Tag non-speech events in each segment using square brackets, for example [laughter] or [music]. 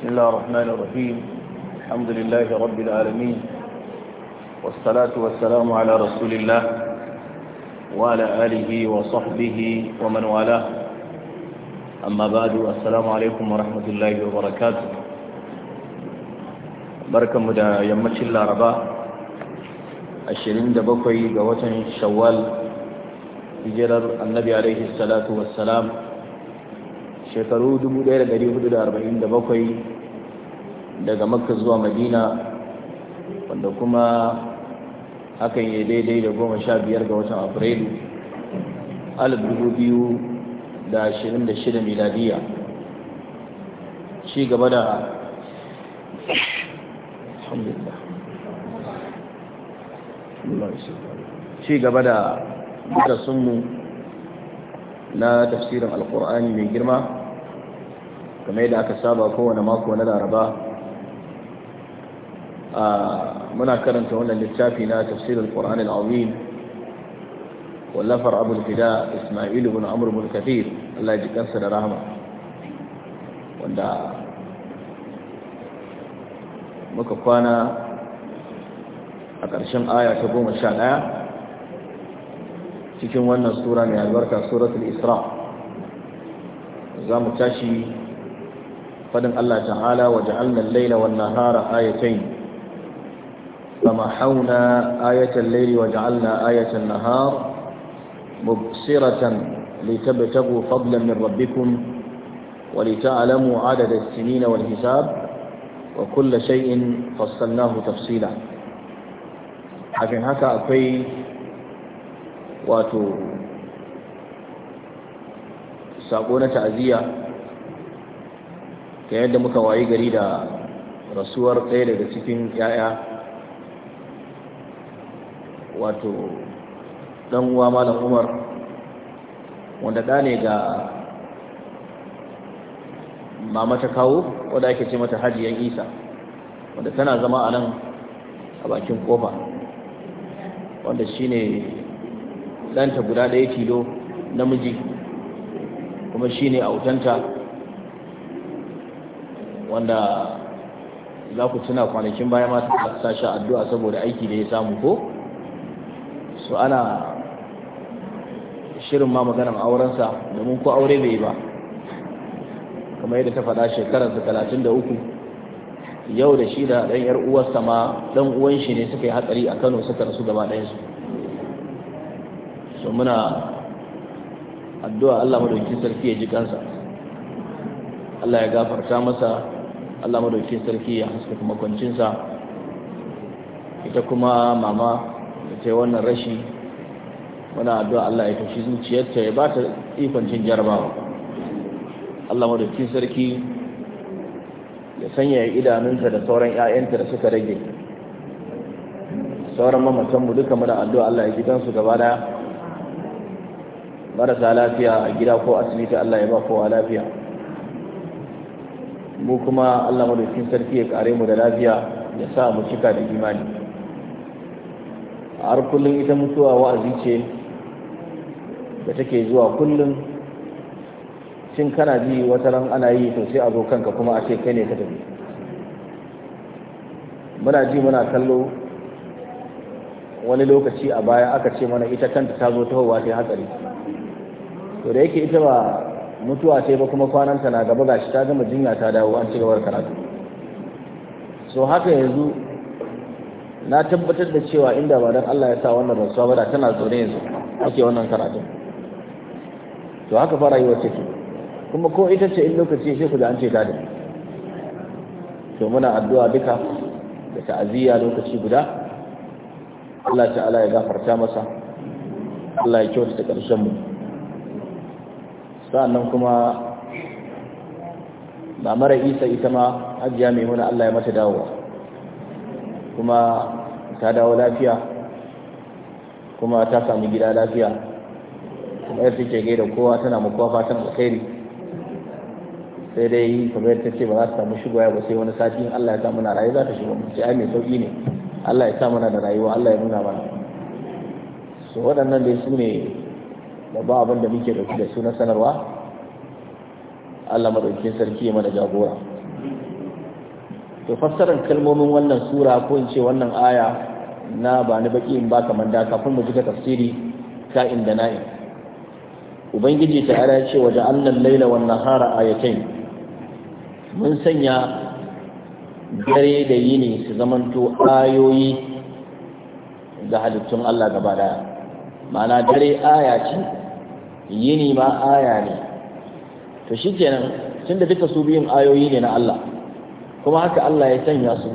بسم الله الرحمن الرحيم الحمد لله رب العالمين والصلاة والسلام على رسول الله وعلى آله وصحبه ومن والاه أما بعد السلام عليكم ورحمة الله وبركاته بركة مدى يمت الله ربا الشرين دبقي قوة شوال hijirar annabi alaihi salatu wassalam shekaru 1447 daga makka zuwa madina wanda kuma hakan ya daidai da goma sha biyar ga watan afrilu alif dubu biyu da ashirin da shida miladiya ci gaba da ci gaba da darasinmu na tafsirin alkur'ani mai girma kamar yadda aka saba kowane mako na laraba muna karanta wannan littafi na tafsirin ƙwararren al'awim wallafar abul fida ismail ibn amr ibn kathir Allah ji kansa da rahama wanda muka kwana a ƙarshen aya ta goma sha ɗaya cikin wannan sura mai albarka suratul isra za mu tashi فدن الله تعالى وجعلنا الليل والنهار آيتين فمحونا آية الليل وجعلنا آية النهار مبصرة لتبتغوا فضلا من ربكم ولتعلموا عدد السنين والحساب وكل شيء فصلناه تفصيلا عشان هكا أكوي واتو ساقونة أذية ta yadda muka wayi gari da rasuwar ɗaya daga cikin yaya wato ɗan uwa malam umar wanda ɗa ne ga mama ta kawo wadda ake ce mata hajiyan isa wanda tana zama a nan a bakin kofa wanda shi ne ɗanta guda ɗaya tilo namiji kuma shi shine autanta wanda za ku tuna kwanakin baya ma ta sashi addu'a saboda aiki da ya samu ko so ana shirin ma maganar aurensa domin ko aure bai ba kamar yadda ta faɗa shekararsa talatin da uku yau da shi da ɗan yar uwarsa ma ɗan uwan shi ne suka yi hatsari a kano suka rasu gaba ɗayansu so muna addu'a allah madaukin sarki ya ji kansa allah ya gafarta masa Allah madaukakin sarki ya haskaka makoncinsa ita kuma mama da ta wannan rashi muna addu'a Allah ya tashi zuciyarta ya ba ta ikon cin jarabawa Allah madaukakin sarki ya sanya idanunta da sauran 'ya'yanta da suka rage sauran mamatanmu duka muna addu'a Allah ya su gaba daya marasa lafiya a gida ko asibiti Allah ya ba kowa lafiya mu kuma Allah madaukin sarki ya kare mu da lafiya ya sa mu cika da imani har kullum ita mutuwa wa'azi ce da take zuwa kullum cin kana ji wata ran ana yi to sai a zo kanka kuma a ce kai ne ka tafi muna ji muna kallo wani lokaci a baya aka ce mana ita kanta ta zo ta sai hatsari to da yake ita ba mutuwa sai ba kuma kwananta na gaba gashi ta gama jinya ta dawo an cigabar karatu so haka yanzu na tabbatar da cewa inda ba dan Allah ya sa wannan rasuwa ba da tana zaune yanzu ake wannan karatu to haka fara yi wacce ke kuma ko ita ce in lokaci sai ku da an ce ta da to muna addu'a duka da ta'aziyya lokaci guda Allah ta'ala ya gafarta masa Allah ya kyautata ƙarshen mu sa'annan kuma ba mara isa ita ma ajiya mai muna Allah ya mata dawowa kuma ta dawo lafiya kuma ta sami gida lafiya kuma yadda take gaida kowa tana makuwa fatan alkhairi sai dai kamar ta ce ba za ta samu shigowa ba sai wani sati Allah ya sa muna rayu za ta shigo mu ce ai mai sauki ne Allah ya samu muna da rayuwa Allah ya nuna mana so waɗannan dai su ne Da abin da muke dauki da sunan sanarwa Allah madaukakin sarki ya mana jagora to fassarar kalmomin wannan sura ko in ce wannan aya na ba ni baki in ba kamar da kafin mu jika tafsiri inda da na'in ubangiji ta ara ce waje annan laila wan nahara ayatain mun sanya dare da yini su zamanto ayoyi ga halittun Allah gaba daya ma'ana dare aya ce yini ma aya ne to shikenan tunda duka su biyun ayoyi ne na Allah kuma haka Allah ya sanya su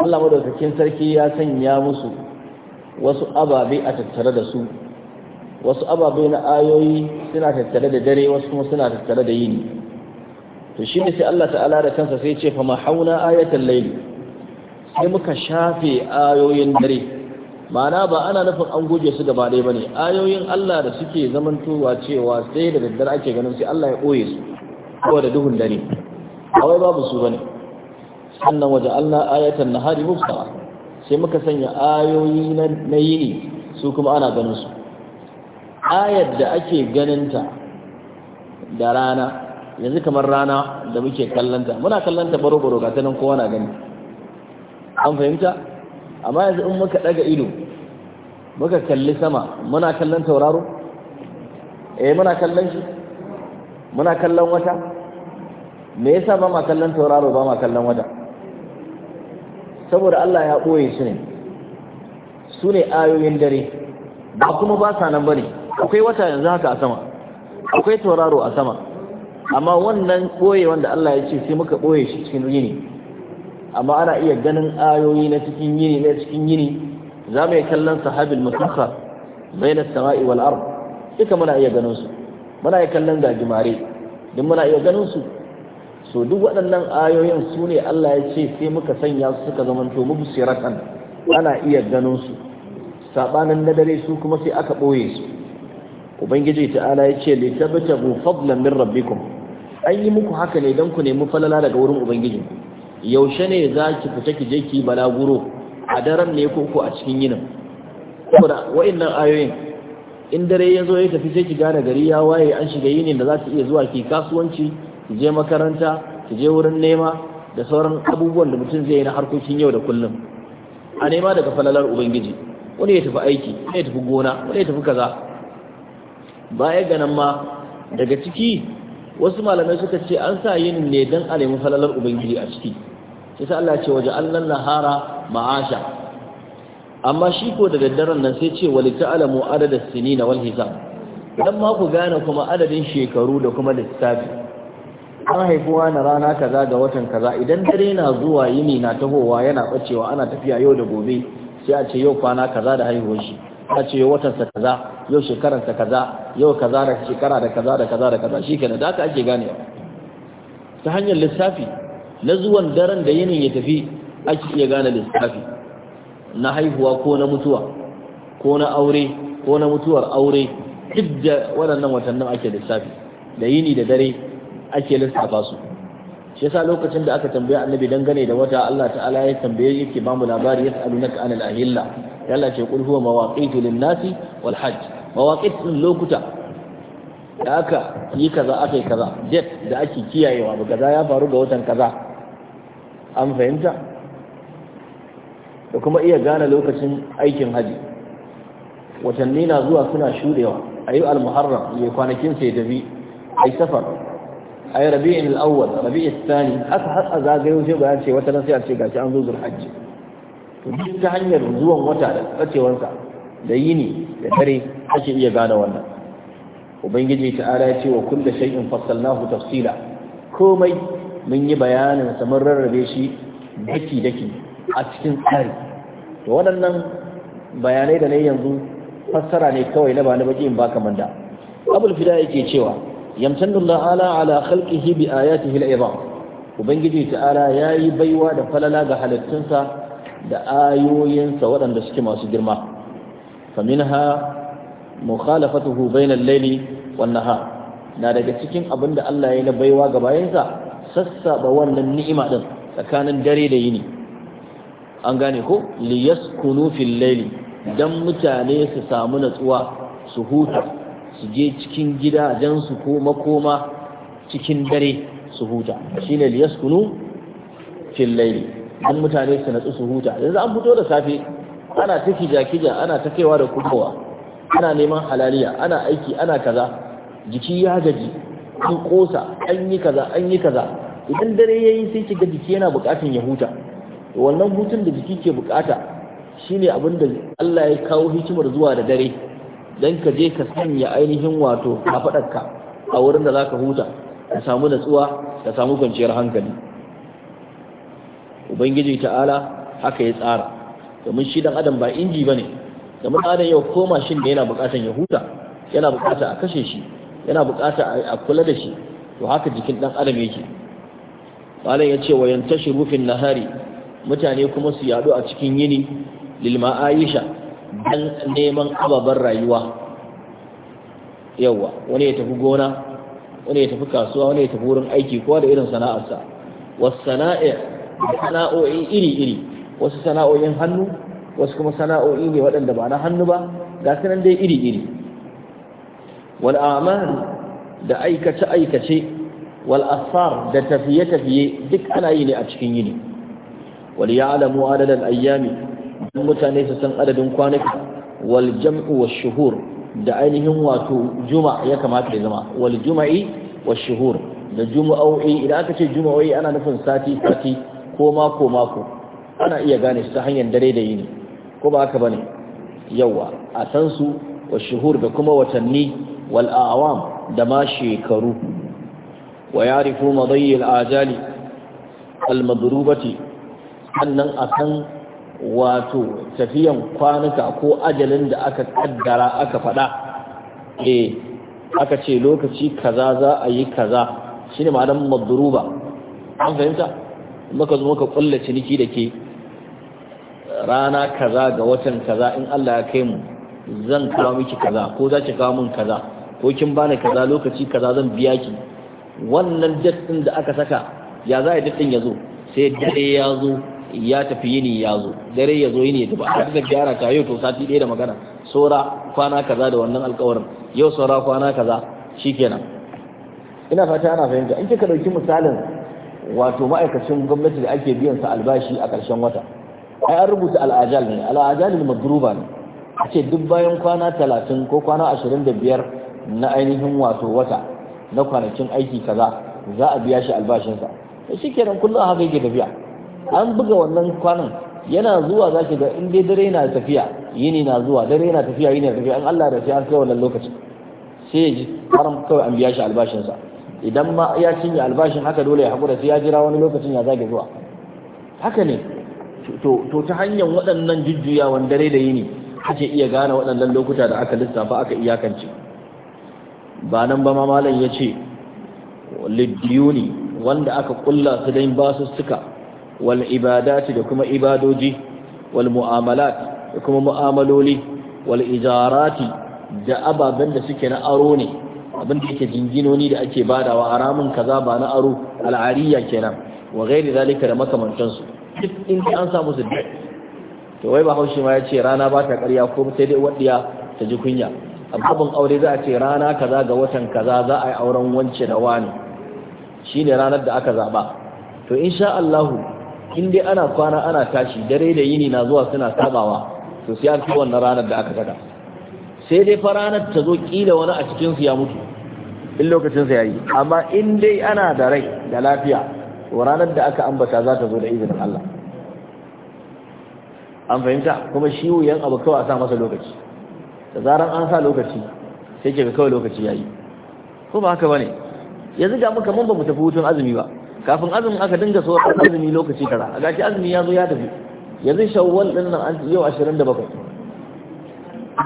Allah madaukakin sarki ya sanya musu wasu ababe a tattare da su wasu ababe na ayoyi suna tattare da dare wasu kuma suna tattare da yini to shi ne sai Allah ta'ala da kansa sai ce fa mahauna ayatul layl sai muka shafe ayoyin dare ma'ana ba ana nufin an goge su gaba ɗaya bane ayoyin Allah da suke zamantowa cewa sai da daddare ake ganin sai Allah ya ɓoye su ko da duhun dare kawai babu su bane sannan waje Allah ayatan nahari mubsara sai muka sanya ayoyi na yini su kuma ana ganin su ayar da ake ganinta da rana yanzu kamar rana da muke kallanta muna kallanta baro-baro ga tanin kowa na gani an fahimta amma yanzu in muka daga ido muka kalli sama muna kallon tauraro eh muna kallon shi muna kallon wata me yasa ba ma kallon tauraro ba ma kallon wata saboda Allah ya ɓoye su ne su ne ayoyin dare ba kuma ba sa nan ba ne akwai wata yanzu haka a sama akwai tauraro a sama amma wannan ɓoye wanda Allah ya ce sai muka ɓoye shi cikin yini amma ana iya ganin ayoyi na cikin yini na cikin yini za mu yi kallon sahabil musakhar baina sama'i wal ard duka muna iya ganin su muna iya kallon gajimare duk muna iya ganin su so duk waɗannan ayoyin su ne Allah ya ce sai muka sanya su suka zamanto mubsiratan ana iya ganin su sabanin na dare su kuma sai aka ɓoye su ubangiji ta'ala ya ce litabtagu fadlan min rabbikum an yi muku haka ne don ku nemi falala daga wurin ubangijinku yaushe ne za ki fita ki je ki balaguro a daren ne ko a cikin yinin da wa'annan ayoyin in dare ya zo ya tafi sai ki gane gari ya waye an shiga yinin da za ki iya zuwa ki kasuwanci ki je makaranta ki je wurin nema da sauran abubuwan da mutum zai yi na harkokin yau da kullum a nema daga falalar ubangiji wani ya tafi aiki wani ya tafi gona wani ya tafi kaza baya ganin ma daga ciki wasu malamai suka ce an sa yin ne don a nemi falalar ubangiji a ciki sai Allah ce waje allan nahara ma'asha amma shi ko da daddaren nan sai ce wali ta'lamu Sini sinina wal hisab dan ma ku gane kuma adadin shekaru da kuma lissafi an haifuwa na rana kaza ga watan kaza idan dare na zuwa yini na tahowa yana bacewa ana tafiya yau da gobe sai a ce yau kwana kaza da haihuwar shi a ce yau watansa kaza yau shekaransa kaza yau kaza da shekara da kaza da kaza da kaza shikenan da haka ake ganewa ta hanyar lissafi na zuwan daren da yinin ya tafi ake iya gane lissafi na haihuwa ko na mutuwa ko na aure ko na mutuwar aure duk da waɗannan watannin ake lissafi da yini da dare ake lissafa su shi yasa lokacin da aka tambaye annabi dangane da wata Allah ta'ala ya tambaye yake bamu labari yas'alunaka anil ahilla Allah ce kul huwa mawaqitu lin-nasi wal hajj mawaqit lokuta da aka yi kaza aka yi kaza jet da ake kiyayewa ba kaza ya faru ga watan kaza an fahimta da kuma iya gane lokacin aikin haji watanni na zuwa suna shudewa ayi al-muharram ya kwanakin sai tafi ai safar ay rabi'in al-awwal rabi'i a thani aka hatsa sai ce wata sai a ce gashi an zo hajji. to duk ta hanyar zuwan wata da tsacewarsa da yini da dare ake iya gane wannan ubangiji ta'ala ya ce wa kulle shay'in fassalnahu tafsila komai mun yi bayanin sa rarrabe shi daki daki a cikin tsari to waɗannan bayanai da na yanzu fassara ne kawai na ba na baki in baka manda abul fida yake cewa yamtannu Allah ala khalqihi bi ayatihi al ubangiji ta'ala yayi baiwa da falala ga halittunsa da ayoyinsa waɗanda suke masu girma faminha mukhalafatuhu bainal layli wan nahar na daga cikin abin da Allah ya na baiwa ga bayansa sassaba wannan ni'ima din tsakanin dare da yini an gane ko liyaskunu fil layli dan mutane su samu natsuwa su huta su je cikin gida su koma koma cikin dare su huta Shi ne liyaskunu fil layli don mutane su natsu su huta yanzu an fito da safe ana ta kija-kija ana ta kaiwa da kubawa ana neman halaliya ana aiki ana kaza jiki ya gaji an kosa an yi kaza an yi kaza idan dare ya yi sai kiga jiki yana bukatun ya huta wannan hutun da jiki ke bukata shine abin da Allah ya kawo hikimar zuwa da dare don ka je ka sanya ainihin wato a faɗarka a wurin da za ka huta ka samu natsuwa ka samu kwanciyar hankali ubangiji ta'ala haka ya tsara domin shi dan adam ba inji bane domin adam yau ko mashin da yana bukatan ya huta yana buƙatar a kashe shi yana bukata a kula da shi to haka jikin dan adam yake malam ya ce wa yantashiru fil nahari mutane kuma su yadu a cikin yini lil ma'aisha dan neman ababen rayuwa yawa wani ya tafi gona wani ya tafi kasuwa wani ya tafi wurin aiki kowa da irin sana'arsa wasu sana'o'i iri-iri wasu sana'o'in hannu wasu kuma sana'o'i ne waɗanda ba na hannu ba ga su nan dai iri-iri wal amal da aikace-aikace wal asar da tafiye-tafiye duk ana yi ne a cikin yini wal ya'lamu adadan ayyami don mutane su san adadin kwanaki, wal jam'u wa shuhur da ainihin wato juma ya kamata ya zama wal juma'i wa shuhur da juma'o'i idan aka ce juma'o'i ana nufin sati sati ko mako mako ana iya gane su ta hanyar dare da yini ko ba haka bane yawa a san su wa shuhur da kuma watanni wal awam da ma shekaru wa yarifu madayil ajali al madrubati sannan a san wato tafiyan kwanuka ko ajalin da aka kaddara aka faɗa eh aka ce lokaci kaza za a yi kaza shine ma'anar madruba an fahimta muka zo muka kulla ciniki da ke rana kaza ga watan kaza in Allah ya kai mu zan kawo miki kaza ko za ki kawo min kaza ko kin bani kaza lokaci kaza zan biya ki wannan jaddin ɗin da aka saka ya za a date ya zo sai dare ya zo ya tafi yini ya zo dare ya zo yini ya tafi a da gyara ka yau to sati ɗaya da magana saura kwana kaza da wannan alkawarin yau saura kwana kaza shikenan ina fata ana fahimta in kika dauki misalin wato ma'aikacin gwamnati da ake biyan sa albashi a ƙarshen wata ai an rubuta al'ajal ne al'ajal madruba ne a ce duk bayan kwana talatin ko kwana ashirin da biyar na ainihin wato wata na kwanakin aiki kaza za a biya shi albashinsa shi kenan kullum haka yake tafiya an buga wannan kwanan yana zuwa za ga in dai dare na tafiya yini na zuwa dare na tafiya yini na tafiya an Allah da sai an kai wannan lokacin sai ya ji haram kawai an biya shi albashinsa idan ma ya cinye albashin haka dole ya haƙura sai ya jira wani lokacin ya zage zuwa haka ne to ta hanyar waɗannan jujjuyawan dare da yini ake iya gane waɗannan lokuta da aka lissafa aka iyakance ba nan ba mamalan malam ya ce liddiyuni wanda aka kulla su don suka. wal da kuma ibadoji wal da kuma mu'amaloli wal ijarati da ababen da suke na aro ne abin da yake jinginoni da ake badawa haramun kaza ba na aro al'ariya kenan wa gairi zalika da makamantansu duk in an samu su duk to wai ba haushi ma ya ce rana ba ta karya ko sai dai waɗiya ta ji kunya a aure za a ce rana kaza ga watan kaza za a yi auren wance da wani shine ranar da aka zaba to insha allahu in dai ana kwana ana tashi dare da yini na zuwa suna sabawa to sai an fi wannan ranar da aka kada sai dai fa ranar ta zo kila wani a cikin su ya mutu in lokacin sa yayi amma in dai ana da rai da lafiya to ranar da aka ambata za ta zo da izinin Allah an fahimta kuma shi wuyan abu kawai a sa masa lokaci da zaran an sa lokaci sai ke ga kawai lokaci yayi ko ba haka bane yanzu ga muka mun ba mu tafi hutun azumi ba kafin azumin aka dinga so azumi lokaci kara a gashi azumi ya zo ya tafi yanzu shawwal din nan yau 27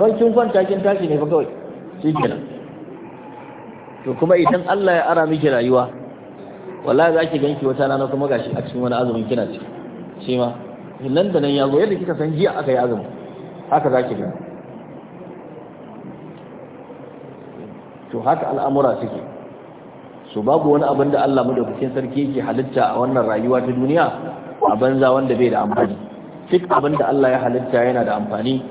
bakin kwanta kin tashi ne fa kawai shikenan to kuma idan Allah ya ara miki rayuwa wallahi zaki ganki wata rana kuma gashi a cikin wani azumin kina ci shi ma nan da nan ya zo yadda kika san jiya aka yi azumi haka zaki gani to haka al'amura suke so babu wani abin da Allah madaukakin sarki yake halitta a wannan rayuwa ta duniya a banza wanda bai da amfani duk abin da Allah ya halitta yana da amfani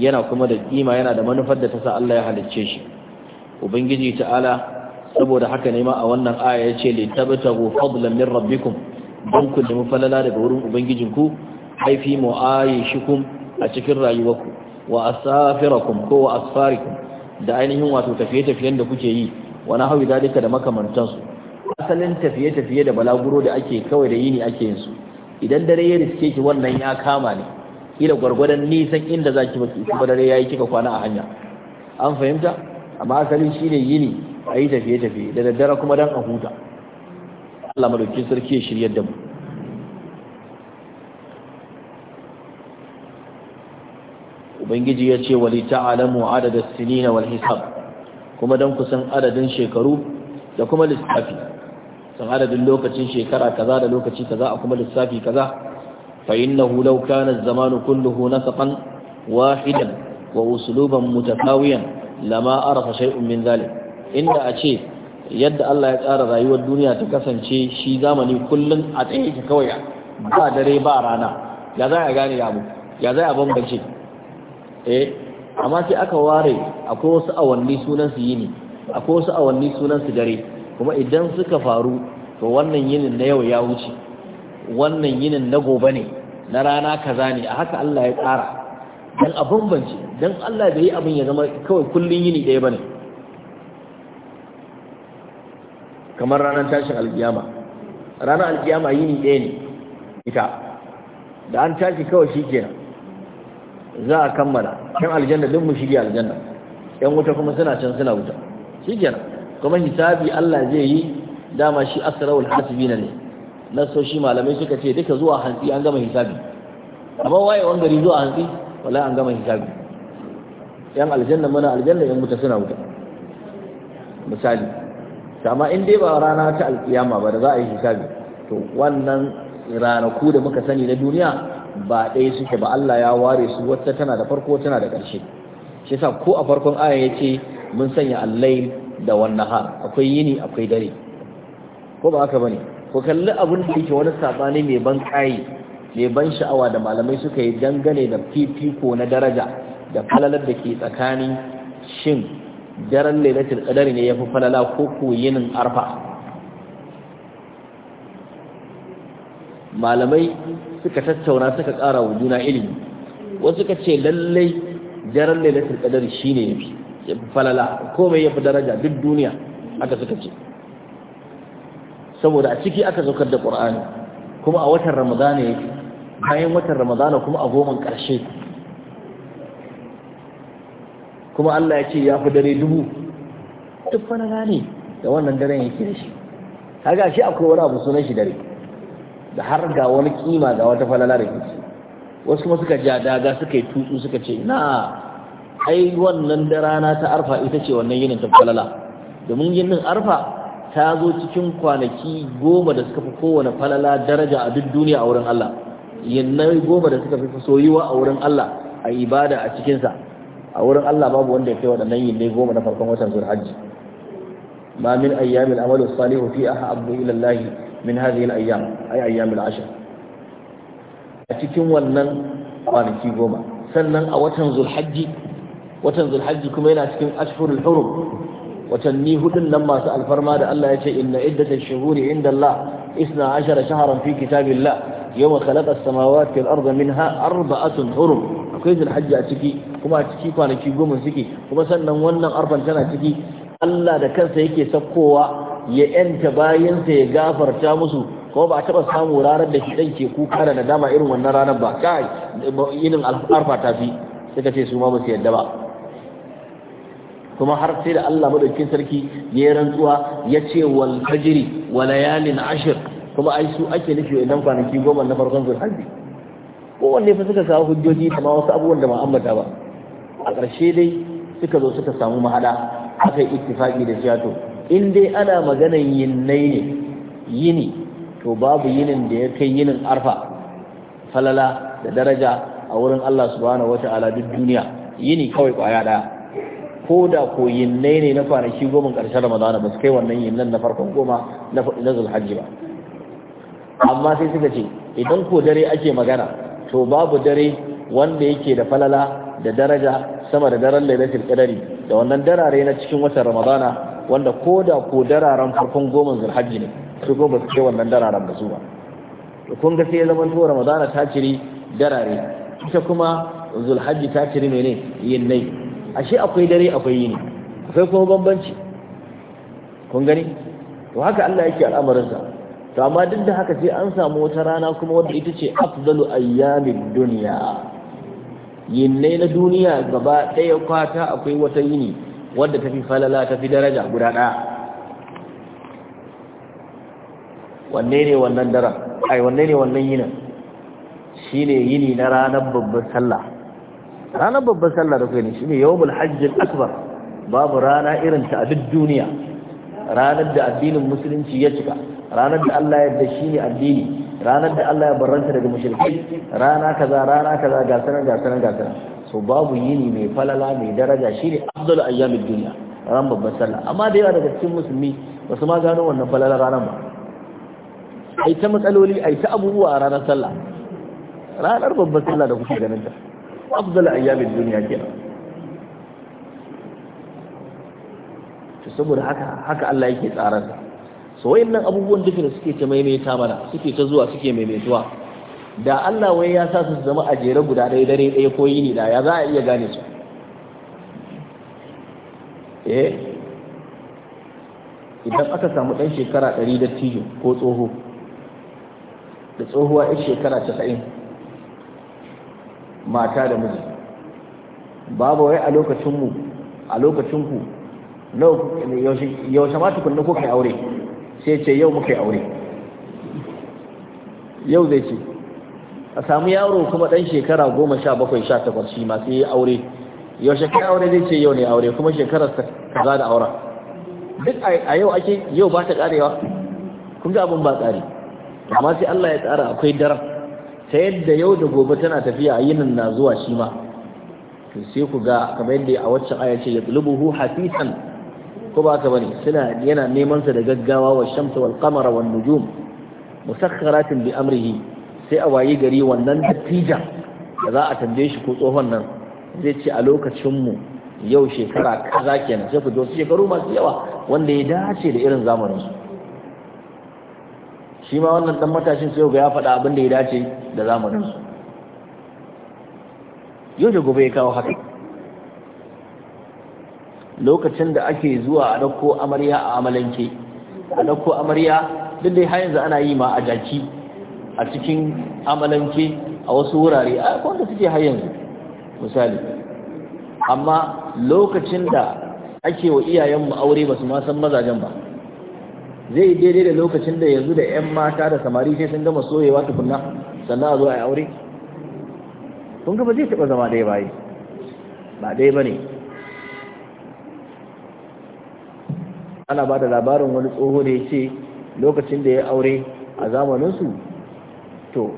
yana kuma da kima yana da manufar da ta sa Allah ya halicce shi ubangiji ta'ala saboda haka ne ma a wannan aya yace li tabtagu fadlan min rabbikum don ku nemi falala daga wurin ubangijin ku haifi mu'ayishikum a cikin rayuwarku wa asafirakum ko wa asfarikum da ainihin wato tafiye-tafiyen da kuke yi wani hau dalika da makamantansu asalin tafiye-tafiye da balaguro da ake kawai da yini ake yin su idan dare ya riske ki wannan ya kama ne kila gwargwadon nisan inda za ki baki kuma dare ya yi kika kwana a hanya an fahimta amma asalin shi ne yini a yi tafiye-tafiye da daddare kuma dan a huta Allah madauki sarki ya shiryar da mu ubangiji ya ce wali ta'alamu adada sinina wal hisab kuma don kusan adadin shekaru da kuma lissafi sun adadin lokacin shekara kaza da lokaci kaza a kuma lissafi kaza fa innahu law kana az-zamanu kulluhu nasqan wahidan wa usluban mutatawiyan lama arafa shay'un min zalik inda a ce yadda Allah ya tsara rayuwar duniya ta kasance shi zamani kullun a tsaye kawai ba dare ba rana ya za a gane abu ya za a bambance eh amma sai aka ware akwai wasu awanni sunan su yini akwai wasu awanni sunan su dare kuma idan suka faru to wannan yinin na yau ya wuce wannan yinin na gobe ne na rana kaza ne a haka Allah ya tsara dan a bambance dan Allah bai yi abin ya zama kawai kullun yini ɗaya bane kamar ranar tashin alkiyama ranar alkiyama yini ɗaya ne ita da an tashi kawai shikenan za a kammala kan aljanna duk mu shige aljanna yan wuta kuma suna can suna wuta shikenan kuma hisabi Allah zai yi dama shi asrarul hasibina ne shi malamai suka ce duka zuwa hanzi an gama hisabi amma waye wanda gari zuwa hanzi wallahi an gama hisabi yan aljanna mana aljanna yan wuta suna wuta misali amma in dai ba rana ta alkiyama ba da za a yi hisabi to wannan ranaku da muka sani na duniya ba ɗaya suke ba Allah ya ware su wata tana da farko tana da ƙarshe shi sa ko a farkon aya yace mun sanya allai da wannan har akwai yini akwai dare ko ba haka bane ko kalli abin da yake wani sabani mai ban kai mai ban sha'awa da malamai suka yi dangane da fifiko na daraja da falalar da ke tsakanin shin daren lailatul qadar ne ya fi falala ko ko yinin arfa malamai suka tattauna suka ƙara wa juna ilimi wasu suka ce lallai daren lailatul qadar shine yafi yafi falala komai yafi daraja duk duniya aka suka ce saboda a ciki aka saukar da qur'ani kuma a watan ramadana yake bayan watan ramadana kuma a goman karshe kuma Allah ya ce ya fi dare dubu duk falala ne da wannan daren yake da shi kaga shi akwai wani abu sunan shi dare da har ga wani kima ga wata falala da kici wasu kuma suka ja daga suka yi tutsu suka ce na ai wannan da rana ta arfa ita ce wannan yinin ta falala domin yinin arfa ta zo cikin kwanaki goma da suka fi kowane falala daraja a duk duniya a wurin Allah yinin goma da suka fi soyuwa a wurin Allah a ibada a cikinsa a wurin Allah babu wanda ya kai waɗannan yinnai goma na farkon watan hajji. ma min ayyamin amalu salihu fi ahabbu ila Allah min hadhihi al-ayyam ay ayyam al-ashr a cikin wannan kwanaki goma sannan a watan zulhajji kuma yana cikin ashhurul hurum watanni hudun nan masu alfarma da Allah ya ce inna iddatal shuhuri inda la isna ashara shahran fi kitabillah yawma khalaqa as-samawati wal-ardha minha arba'atun hurum akwai zulhajji a ciki kuma a ciki kwanaki goma suke kuma sannan wannan arban tana ciki Allah da kansa yake sakkowa ya yanta bayansa ya gafarta musu ko ba a taba samu ranar da kidan ke kuka da nadama irin wannan ranar ba kai yinin arfa ta fi suka ce su ma ba su yadda ba kuma har sai da Allah madaukakin sarki ya yi rantsuwa ya ce wal fajri wa layalin ashir kuma ai su ake nufi idan kwanaki goma na farkon zulhajji kowanne fa suka kawo hujjoji da ma wasu abubuwan da ba ambata ba a ƙarshe dai suka zo suka samu mahada aka yi ittifaqi da shi in dai ana maganan yinnai ne yini to babu yinin da ya kai yinin arfa falala da daraja a wurin Allah subhanahu wata'ala duk duniya yini kawai kwaya daya ko da ko yinnai ne na kwanaki goma karshen ramadana ba su kai wannan yinnan na farkon goma na zulhajji ba amma sai suka ce idan ko dare ake magana to babu dare wanda yake da falala da daraja sama da daren lailatul qadari da wannan darare na cikin watan ramadana wanda ko da ko dararen farkon goma zulhajji ne su ko ba su ce wannan dararen ba su ba kun ga sai ya zama zuwa ramadana ta ciri darare ita kuma zulhajji ta ciri nai. A ashe akwai dare akwai yini akwai kuma bambanci kun gani to haka Allah yake al'amarinsa to amma duk da haka sai an samu wata rana kuma wadda ita ce afdalu ayyamid Yin nai na duniya gaba ɗaya kwata akwai wata yini wadda ta fi falala ta fi daraja guda ɗaya wanne ne wannan dara ai wanne ne wannan yinin shi ne yini na ranar babban sallah ranar babban sallah da kai ne shi ne yawon hajjin akbar babu rana irin ta a duk duniya ranar da addinin musulunci ya cika ranar da Allah ya yarda shi ne addini ranar da Allah ya barranta daga mushrikai rana kaza rana kaza ga sanar ga so babu yini mai falala mai daraja shi ne afdal ayyamin duniya ran babban sallah amma da yawa daga cikin musulmi ba su ma gano wannan falala ranar ba ai ta matsaloli ai ta abubuwa a ranar sallah ranar babban sallah da kuke ganin ta afdal ayyamin duniya kenan to saboda haka haka Allah yake tsararsa so wayannan abubuwan duka da suke ta maimaita mana suke ta zuwa suke maimaituwa da Allah wai ya sa su zama a jere guda ɗaya dare ɗaya ko yini da ya za a iya gane su eh idan aka samu ɗan shekara ɗari da tijo ko tsoho da tsohuwa ɗan shekara casa'in mata da miji babu wai a mu a lokacinku yaushe ma kunna ko kai aure sai ce yau muka yi aure yau zai ce a samu yaro kuma ɗan shekara goma sha bakwai sha takwas shi ma sai aure yau shekara aure zai ce yau ne aure kuma shekarar ta kaza da aura duk a yau ake yau ba ta karewa kun ga abin ba tsari amma sai Allah ya tsara akwai daren ta yadda yau da gobe tana tafiya yinin na zuwa shi ma to sai ku ga kamar yadda a waccan aya ce yatlubuhu hafisan ko ba ka bane suna yana neman sa da gaggawa wa shamsu wal qamara wan nujum musakharatin bi amrihi sai a wayi gari wannan dattijan da za a tambaye shi ko tsohon nan zai ce a lokacinmu yau shekara kaza kenan sai ku zo wasu shekaru masu yawa wanda ya dace da irin su shi ma wannan dan matashin sai ga ya faɗa abin da ya dace da su yau da gobe ya kawo haka lokacin da ake zuwa a ɗauko amarya a amalanke a ɗauko amarya duk dai har yanzu ana yi ma a jaki a cikin amalanke a wasu wurare a wanda suke har yanzu misali amma lokacin da ake wa iyayenmu aure ba su ma san mazajen ba zai yi daidai da lokacin da yanzu da 'yan mata da samari sai sun gama soyewa tukunna sannan a zo a yi aure kun gaba zai taɓa zama daya baye ba dai ba ne ana ba da labarin wani tsoho da ya ce lokacin da ya aure a zamaninsu to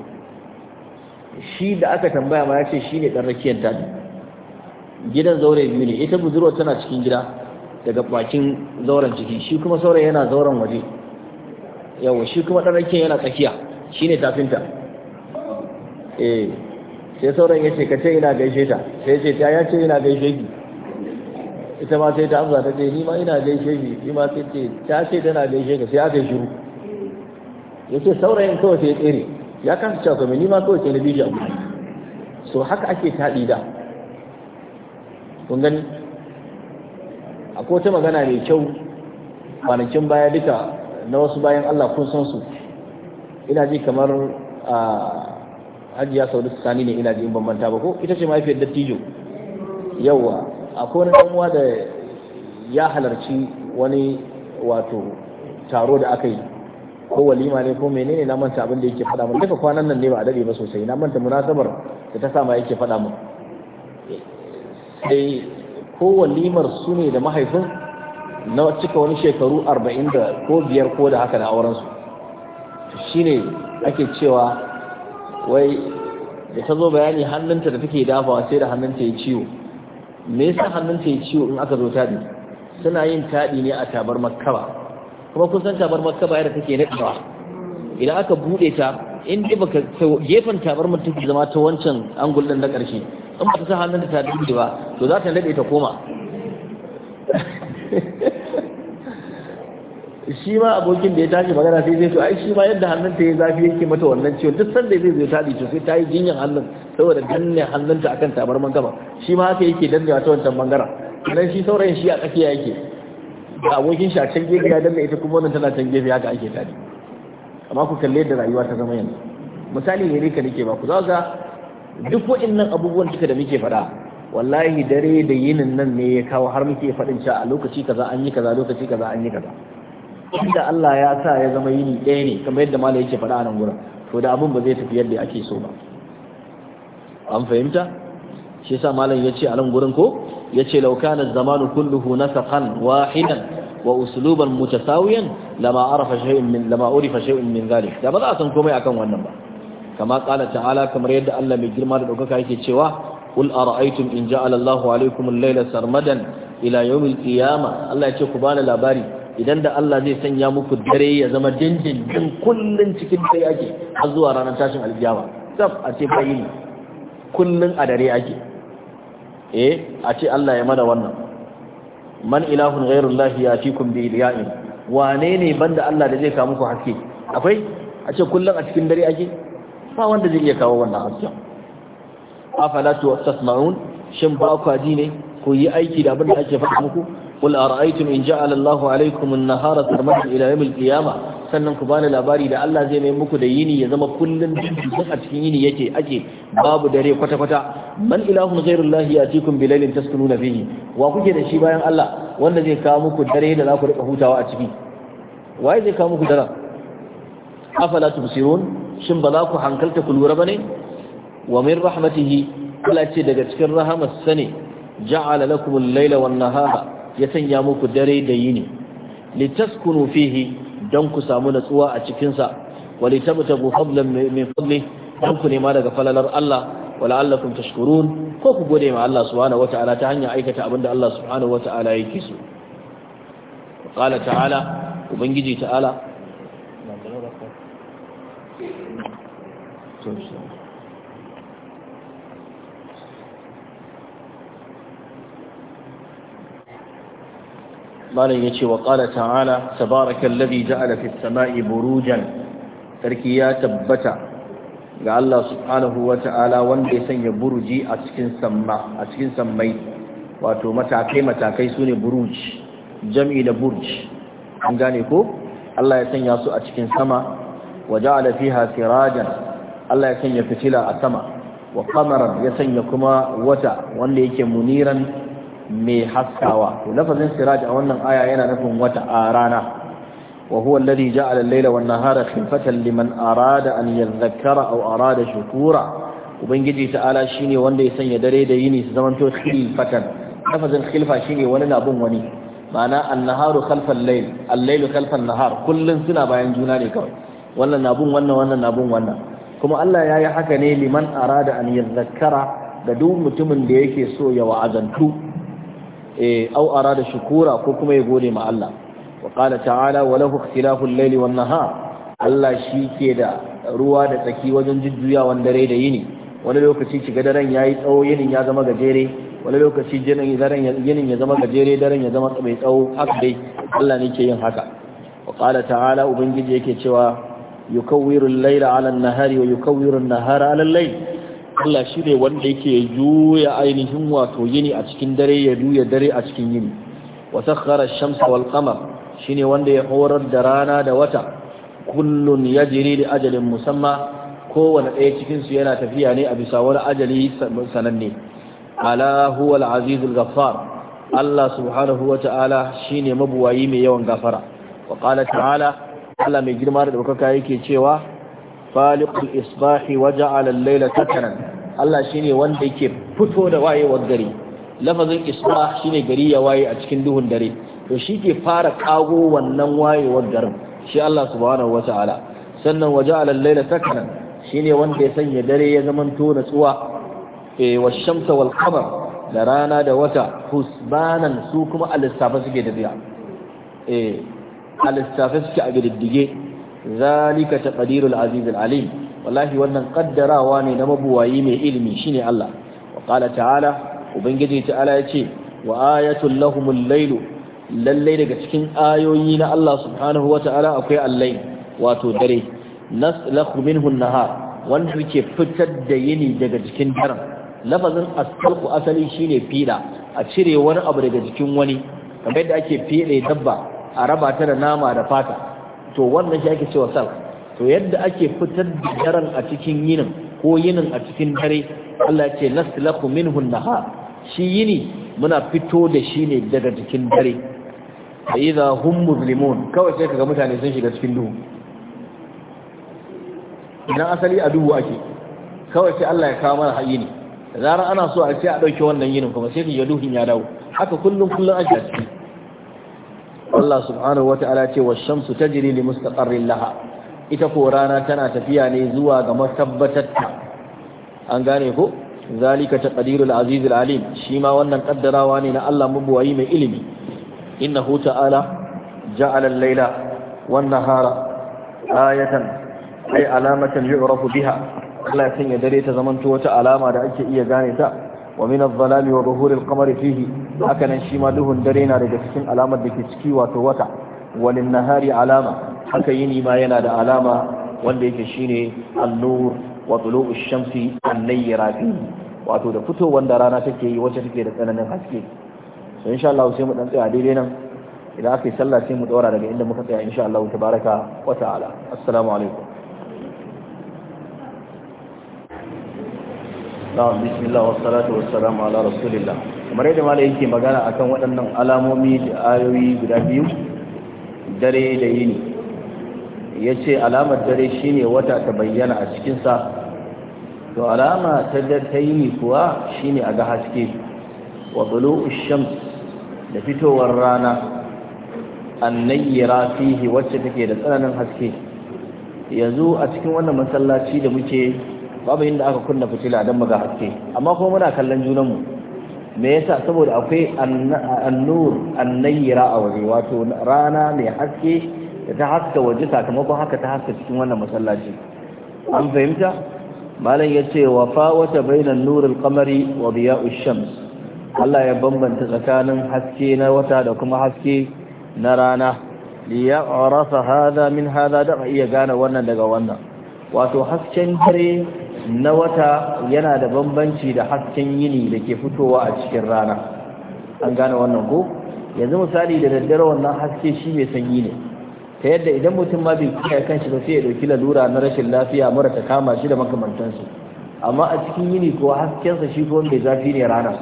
shi da aka tambaya ma ya ce shi ne ɗan rakiyar ta gidan zaure biyu ne ita budurwa tana cikin gida daga bakin zauren ciki shi kuma saurayi yana zauren waje yawa shi kuma ɗan rakiyar yana tsakiya shi ne tafinta eh sai sauran ya ce ka ce ina gaishe ta sai ce ta ya ce ina gaishe ki ita ma sai ta amsa ta ce ni ma ina gaishe ki ni ma sai ce ta ce tana gaishe ka sai aka shiru ya ce saurayin kawai sai ya tsere ya kasa cewa komai ni kawai ke na biyu a so haka ake taɗi da kun gani ko ta magana mai kyau kwanakin baya duka na wasu bayan Allah kun san su ina ji kamar a hajiya saudi sani ne ina ji in bambanta ba ko ita ce mahaifiyar dattijo yauwa a ko dan da ya halarci wani wato taro da aka yi ko walima ne ko menene na manta abin da yake faɗa mun duka kwanan nan ne ba a dade ba sosai na manta munasabar da ta sama yake faɗa mun sai ko walimar su ne da mahaifin na cika wani shekaru 40 da ko biyar ko da haka da auren su shine ake cewa wai da ta zo bayani hannunta da take dafawa sai da hannunta ya ciwo me yasa hannunta ya ciwo in aka zo taɗi suna yin taɗi ne a tabar makkawa kuma kun san tabarmar kaba yadda take naɗewa idan aka buɗe ta in dai baka gefen tabarmar take zama ta wancan angul din na ƙarshe in ba ta sa hannun ta dubi ba to za ta naɗe ta koma [laughs] shi ma abokin da ya tashi magana sai zai so ai shi ma yadda hannunta ya zafi yake mata wannan ciwon duk sanda zai zai tadi to sai ta yi jinyar hannun saboda danne hannunta akan tabarman gaba shi ma haka yake dannewa ta wancan bangaren nan shi saurayin shi a tsakiya yake da abokin shi a can gefe ya danna ita kuma wannan tana can gefe haka ake tare amma ku kalle da rayuwa ta zama yanzu misali ne ka nake ba ku za ga duk waɗannan abubuwan duka da muke faɗa wallahi dare da yinin nan ne ya kawo har muke faɗin cewa a lokaci kaza an yi kaza lokaci kaza an yi kaza inda Allah ya sa ya zama yini ɗaya ne kamar yadda malam yake faɗa a nan gurin to da abin ba zai tafi yadda ake so ba an fahimta shi yasa malam ya ce a nan gurin ko yace law kana az-zamanu kulluhu nasakhan wahidan wa usluban mutasawiyan lama arafa shay'un min lama urifa min zalik da ba za a san komai akan wannan ba kama qala ta'ala kamar yadda Allah mai girma da daukaka yake cewa qul ara'aytum in ja'ala Allahu alaykum al-layla sarmadan ila yawm al Allah yace ku bani labari idan da Allah zai sanya muku dare ya zama dindindin kullun cikin dare ake har zuwa ranar tashin alkiyama sab a ce bayin kullun a dare ake eh a ce Allah ya mana wannan man ilahun ghairullahi yatikum bi ilya'in wane ne banda Allah da zai kawo muku haske akwai a ce kullum a cikin dare ake ba wanda zai iya kawo wannan haske afala tasma'un shin ba ku ji ne ku yi aiki da abin da ake faɗa muku qul ara'aytum in ja'ala Allahu alaykum an-nahara sarmadan ila yawm al-qiyamah sannan ku bani labari da Allah zai mai muku da yini ya zama kullun dukkan a cikin yini yake ake babu dare kwata kwata man ilahun ghairullahi yatikum bilailin taskununa fihi wa kuke da shi bayan Allah wanda zai kawo muku dare da za rika hutawa a ciki waye zai kawo muku dare afala tubsirun shin ba za ku hankalta ku lura bane wa min rahmatihi Allah ce daga cikin rahamar sani ja'ala lakumul laila wan nahara ya sanya muku dare da yini litaskunu fihi don ku samu natsuwa a cikinsa wali tabtagu fadlan min fadli don ku nema daga falalar Allah wala allakum tashkurun ko ku gode ma Allah subhanahu ta'ala ta hanyar aikata abinda Allah subhanahu ya yake so qala ta'ala ubangiji ta'ala malam ya ce wa ƙala ta'ala tabarakan labi ja'ala fi sama'i burujan sarki ya tabbata ga Allah subhanahu wa ta'ala wanda ya sanya buruji a cikin samma a cikin sammai wato matakai matakai sune buruj jam'i da burj an gane ko Allah ya sanya su a cikin sama wa ja'ala fiha sirajan Allah ya sanya fitila a sama wa qamaran ya sanya kuma wata wanda yake muniran mai haskawa to lafazin siraj a wannan aya yana nufin wata a rana wa huwa alladhi ja'ala al-layla wan nahara khilfatan liman arada an yadhakkara aw arada shukura ubangiji ta'ala shine wanda ya sanya dare da yini su zaman to khilfatan lafazin khilfa shine wani labun wani ma'ana an-naharu khalfa al-layl al-laylu khalfa an-nahar kullun suna bayan juna ne kawai wannan nabun wannan wannan nabun wannan kuma Allah ya yi haka ne liman arada an yadhakkara ga duk mutumin da yake so ya wa'azantu Eh, Au'ara da shukura ko kuma ya gode ma Allah wa ta'ala wa lahu ikhtilafu al-layli wan nahar Allah shi ke da ruwa da tsaki wajen jujjuyawan dare da yini wani lokaci shiga daren yayi tsawo ya zama gajere wani lokaci yinin ya zama gajere daren ya zama mai tsawo haka dai Allah ne ke yin haka wa ta'ala ubangiji yake cewa yukawwiru al-layla 'ala an-nahari wa yukawwiru an Allah shi ne wanda yake juya ainihin wato yini a cikin dare ya juya dare a cikin yini wa sakhara shamsa wal qamar shine wanda ya horar da rana da wata kullun yajri li ajalin musamma kowane ɗaya cikin su yana tafiya ne a bisa wani ajali sananne ala huwa al-aziz al-ghaffar Allah subhanahu wa ta'ala shine mabuwayi mai yawan gafara wa qala ta'ala Allah mai girma da ɗaukaka yake cewa faliqul isbahi waja'ala al-layla sakaran Allah shine wanda yake fito da wayewar gari lafazin isbah shine gari ya waye a cikin duhun dare to shi ke fara kago wannan wayewar garin shi Allah subhanahu wata'ala sannan waja'ala al-layla sakaran shine wanda ya sanya dare ya zamanto natsuwa eh wash-shamsa wal-qamar da rana da wata husbanan su kuma alistafa suke tafiya eh alistafa suke a gididdige zalika taqdirul aziz alim wallahi wannan ƙaddarawa ne na mabuwayi mai ilimi shine Allah wa qala ta'ala ubangiji ta'ala yace wa ayatul lahumul layl lalle daga cikin ayoyi na Allah subhanahu wa ta'ala akwai allai wato dare naslakhu minhu an-nahar wanda yake fitar da yini daga cikin daren lafazin ku asali shine fida a cire wani abu daga jikin wani kamar yadda ake fide dabba a raba ta da nama da fata to wannan shi ake cewa sal to yadda ake fitar da daren a cikin yinin ko yinin a cikin dare Allah ce naslaku minhu nahar shi yini muna fito da shi ne daga cikin dare fa idza hum muzlimun kawai sai kaga mutane sun shiga cikin duhu idan asali a duhu ake kawai sai Allah ya kawo mana hayini zarar ana so a ce a dauke wannan yinin kuma sai kaga duhun ya dawo haka kullun kullun ake cikin. Allah subhanahu wata'ala ce wa shamsu tajri li mustaqarrin laha ita ko rana tana tafiya ne zuwa ga matabbatarta an gane ko zalika taqdirul azizul alim shi ma wannan kaddarawa ne na Allah mabuwayi mai ilimi innahu ta'ala ja'ala al-laila wan nahara ayatan ay alamatan yu'rafu biha Allah ya sanya dare ta zamanto wata alama da ake iya gane ta wa min adh wa dhuhur al-qamari fihi haka nan shi ma duhun dare na daga cikin alamar da ke ciki wato wata na nahari alama haka yini ma yana da alama wanda yake shine an-nur wa tulu'u ash-shamsi an-nayyira fihi wato da fito da rana take yi wacce take da tsananin haske so insha Allah sai mu dan tsaya daidai nan idan aka yi sallah sai mu daura daga inda muka tsaya insha Allah tabaraka wa ta'ala assalamu alaikum na'am bismillah wa salam ala rasulillah kamar yadda malai yake magana akan waɗannan alamomi da ayoyi guda biyu dare da yini yace alamar dare shine wata ta bayyana a cikin sa to alama ta ta yini kuwa shine a ga haske wa tulu'ush shams da fitowar rana annayyira fihi wacce take da tsananin haske yanzu a cikin wannan masallaci da muke babu inda aka kunna fitila don maga haske amma kuma muna kallon junanmu me yasa saboda akwai annur annayyira a waje wato rana mai haske da ta haska waje sakamakon haka ta haska cikin wannan masallaci an fahimta malam ya ce wa fawata bainan nurul kamari wa biya'ush shams Allah ya bambanta tsakanin haske na wata da kuma haske na rana rasa hada min hada da iya gane wannan daga wannan wato hasken dare na wata yana da bambanci da hasken yini da ke fitowa a cikin rana an gane wannan ko yanzu misali da daddare wannan haske shi mai sanyi ne ta yadda idan mutum ma bai kiyaye kanshi ba sai ya dauki lalura na rashin lafiya mara ta kama shi da makamantansu amma a cikin yini ko haskensa shi ko mai zafi ne rana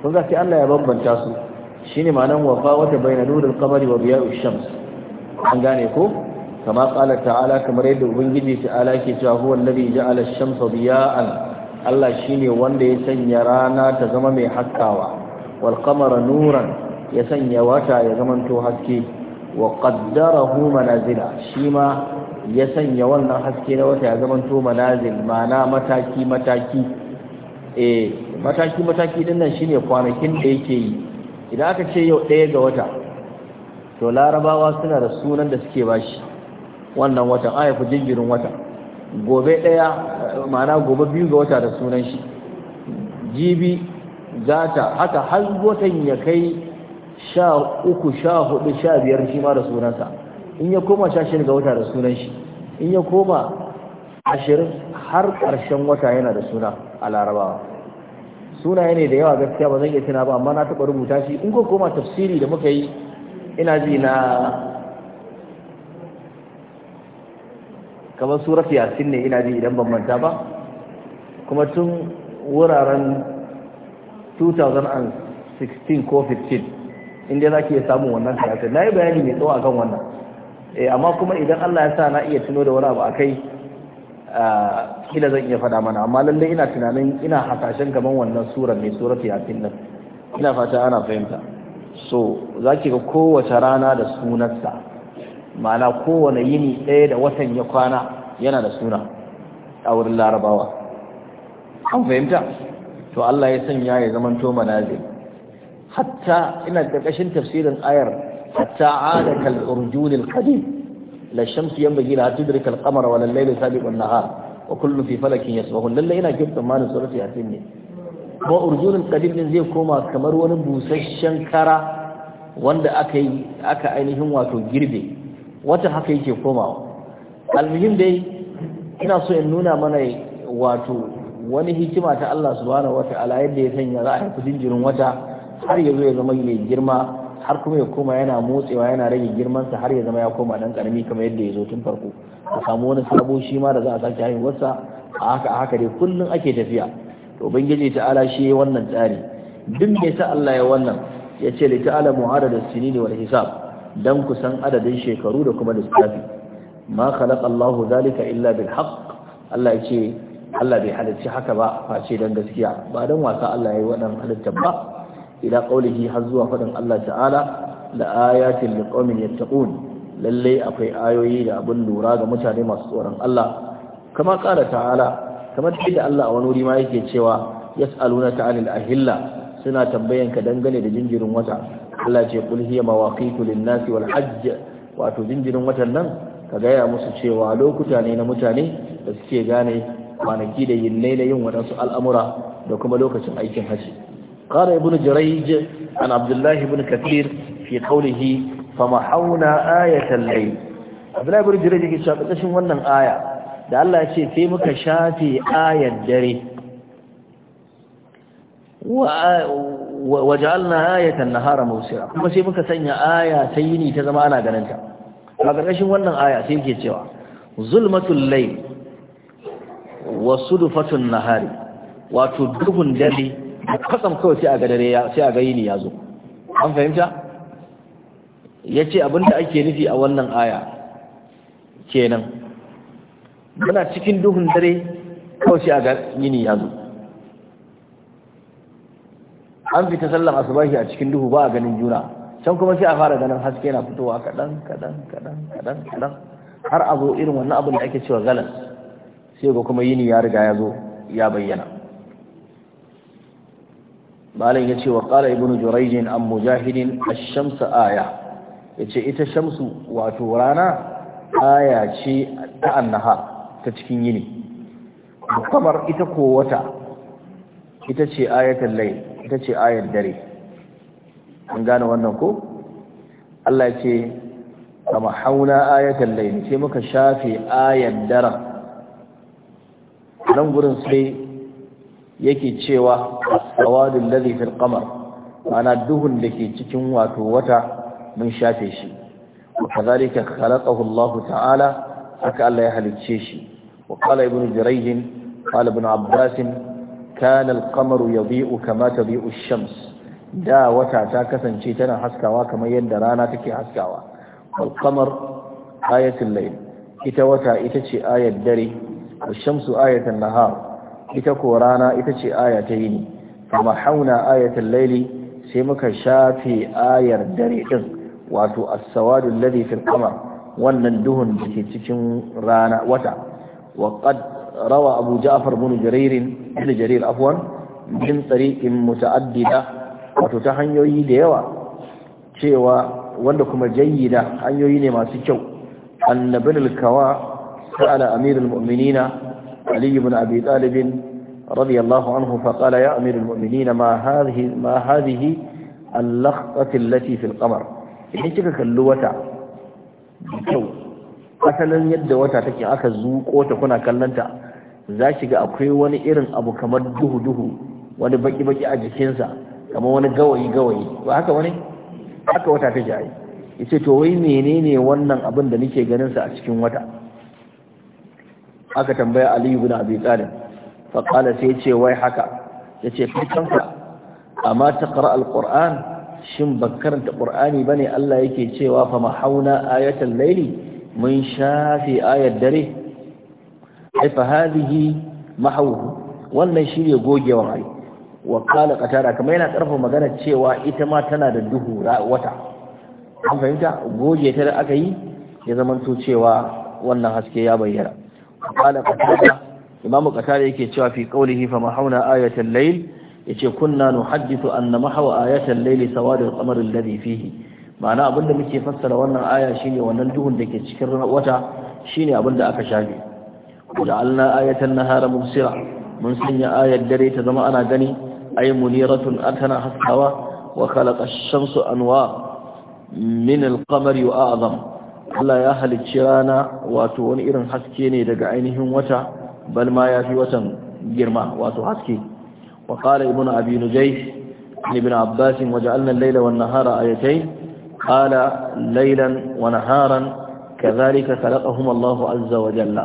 kun ga sai Allah ya bambanta su shine ma'anar wafa wata bayna nurul qamari wa biya'ush shams an gane ko kama qala ta'ala kamar yadda ubangiji ta'ala ke cewa huwa alladhi ja'ala ash-shamsa diya'an Allah shine wanda ya sanya rana ta zama mai haskawa wal qamara nuran ya sanya wata ya zamanto haske wa qaddarahu shima ya sanya wannan haske na wata ya zamanto manazil mana mataki mataki eh mataki mataki din nan shine kwanakin da yake yi idan aka ce yau ɗaya ga wata to larabawa suna da sunan da suke bashi wannan watan a haifi jinjirin wata gobe daya ma'ana gobe biyu ga wata da sunan shi jibi zata haka har watan ya kai sha uku sha hudu sha biyar shi ma da sunansa in ya koma sha shida ga wata da sunan shi in ya koma ashirin har ƙarshen wata yana da suna a larabawa sunaye ne da yawa gaskiya ba zan iya tuna ba amma na taɓa rubuta shi in ko koma tafsiri da muka yi ina ji na kamar surat yasin ne ina ji idan ban manta ba kuma tun wuraren 2016 ko 15 inda za ki iya samun wannan karatun na yi bayani mai tsawo akan wannan eh, amma kuma idan allah ya sa na iya tuno da wani abu a kai ah, kila zan iya faɗa mana amma lallai ina tunanin ina hasashen kamar wannan surar mai surat yasin nan ina fata ana fahimta so za ki ga kowace rana da sunarsa ma'ana kowane yini ɗaya da watan ya kwana yana da suna a wurin larabawa an fahimta to Allah ya sanya ya zamanto manazil hatta ina ƙarƙashin tafsirin ayar hatta ada kal urjunil qadim la shamsu yanbaghi la tudrika al qamara wa al-laylu sabiqu an-nahar wa kullu fi falakin yasbahun ina kin tsammanin surati yasin ne ko urjunil qadim din zai koma kamar wani busasshen kara wanda aka yi aka ainihin wato girbe Wata haka yake komawa almuhim dai ina so in nuna mana wato wani hikima ta Allah subhanahu wata'ala yadda ya sanya za a yi kudin wata har ya zo ya zama mai girma har kuma ya koma yana motsewa yana rage girmansa har ya zama ya koma dan karami kamar yadda ya zo tun farko a samu wani sabo shi ma da za a sake haihuwarsa a haka a haka dai kullum ake tafiya to ubangiji ta'ala shi wannan tsari duk me sa Allah ya wannan ya ce li ta'ala mu'adada sinini wal hisab dan kusan adadin shekaru da kuma lissafi ma khalaqa Allahu zalika illa bil haqq Allah ya ce Allah bai halicci haka ba face dan gaskiya ba dan wasa Allah yayi yi wadan halitta ba ila qaulihi har zuwa fadin Allah ta'ala la ayatin liqaumin yattaqun lalle akwai ayoyi da abin lura ga mutane masu tsoron Allah kama qala ta'ala kamar da Allah a wani wuri ma yake cewa yas'alunaka 'anil ahilla suna tambayanka dangane da jinjirin wata Allah ce kul hiya mawaqitu lin-nasi wal hajj wato jinjirin watan nan ka gaya musu cewa lokuta ne na mutane da suke gane kwanaki da yinnai na yin wadansu al'amura da kuma lokacin aikin haji قال ابن جريج عن عبد الله بن كثير في قوله فمحونا آية الليل عبد الله بن جريج yake cewa kashin wannan aya da Allah ya ce sai muka shafe ayar dare waja'alna ayatan nahara mawsira kuma sai muka sanya aya ta yini ta zama ana ganin ta a ƙarƙashin wannan aya sai yake cewa zulmatul layl wa sudufatun nahari wato duhun dare kasam kawai sai a ga dare sai a ga yini yazo an fahimta yace abinda ake nufi a wannan aya kenan muna cikin duhun dare kawai sai a ga yini yazo an fita sallan asubahi a cikin duhu ba a ganin juna can kuma sai a fara ganin haske na fitowa kadan kadan kadan kadan kadan har a zo irin wannan abin da ake cewa galan sai ga kuma yini ya riga ya zo ya bayyana malam ya ce wa qala ibn juraijin an mujahidin ash-shamsu aya yace ita shamsu wato rana aya ce ta annaha ta cikin yini kamar ita ko wata ita ce ayatul layl ita ce ayar dare an gane wannan ko Allah ce kama hauna ayatan laili ce muka shafe ayar daren nan gurin sai yake cewa sawadul ladhi kamar ana duhun da ke cikin wato wata mun shafe shi وكذلك خلقه الله ta'ala, haka Allah ya halicce shi wa qala ibnu jurayj qala ibnu abbasin kana al-qamaru yadhi'u kama tadhi'u ash-shams da wata ta kasance tana haskawa kamar yadda rana take haskawa wal qamar ayatul layl ita wata ita ce ayat dare ash-shamsu ayatul nahar ita ko rana ita ce aya ta yini kuma hauna ayatul layli sai muka shafe ayar dare din wato as-sawadu alladhi fil qamar wannan duhun da ke cikin rana wata wa qad rawa abu ja'far bin jarir ibn jarir afwan min tsariƙin muta'addida wato ta hanyoyi da yawa cewa wanda kuma jayyida hanyoyi ne masu kyau annabin alkawa sa'ala amirul mu'minina ali ibn abi talib radiyallahu anhu fa qala ya amirul mu'minina ma hadhihi ma hadhihi al-lakhqati allati fil qamar idan kika kalli wata kyau asalin yadda wata take aka zuƙo ta kuna kallanta za ki ga akwai wani irin abu kamar duhu duhu wani baki baki a jikinsa kamar wani gawayi gawayi ba haka wani haka wata ta jayi yace to wai menene wannan abin da nake ganin sa a cikin wata aka tambaya Ali ibn Abi Talib fa qala sai ce wai haka yace fitan ka amma taqra al-Qur'an shin ba karanta Qur'ani bane Allah yake cewa fa mahauna ayatal layli mun shafi ayat dare ai fa hadhihi mahawhu wannan shirye gogewa ai wa qala qatara kamar yana karfa magana cewa ita ma tana da duhu wata an fahimta goge ta da aka yi ya zamanto cewa wannan haske ya bayyana qala qatara imamu qatara yake cewa fi qawlihi fa mahawna ayatal layl yace kunna nuhaddithu anna mahawa ayatan layl sawadul qamar alladhi fihi ma'ana abinda muke fassara wannan aya shine wannan duhun da ke cikin wata shine abinda aka shafe ja'alna ayatan nahara mubsira mun sanya ayar dare ta zama ana gani ay muniratun atana hasawa wa khalaqa ash-shamsu anwa min al-qamari wa a'zam Allah ya halicci rana wato wani irin haske ne daga ainihin wata bal ya fi watan girma wato haske wa qala ibnu abi nujayh ibn abbas wa ja'alna al-layla wa an-nahara ayatayn qala laylan wa nahara كذلك خلقهم الله عز وجل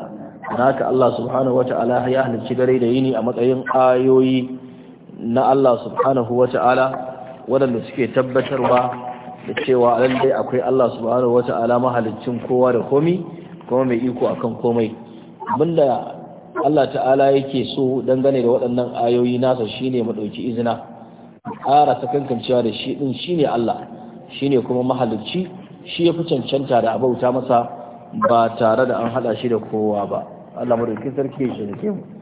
ka Allah subhanahu ta’ala ya halicci dare da yini a matsayin ayoyi na Allah subhanahu ta’ala waɗanda suke tabbatarwa da cewa lallai akwai Allah subhanahu ta’ala mahaliccin kowa da komi kuma mai iko a kan komai abinda Allah ta'ala yake so dangane da waɗannan ayoyi nasa shine ne maɗauki izina ƙara kankancewa da shi ɗin ne Allah shine kuma mahalicci shi ya fi cancanta da abauta masa ba tare da an haɗa shi da kowa ba Allah mu madaukakin sarki ya shirye mu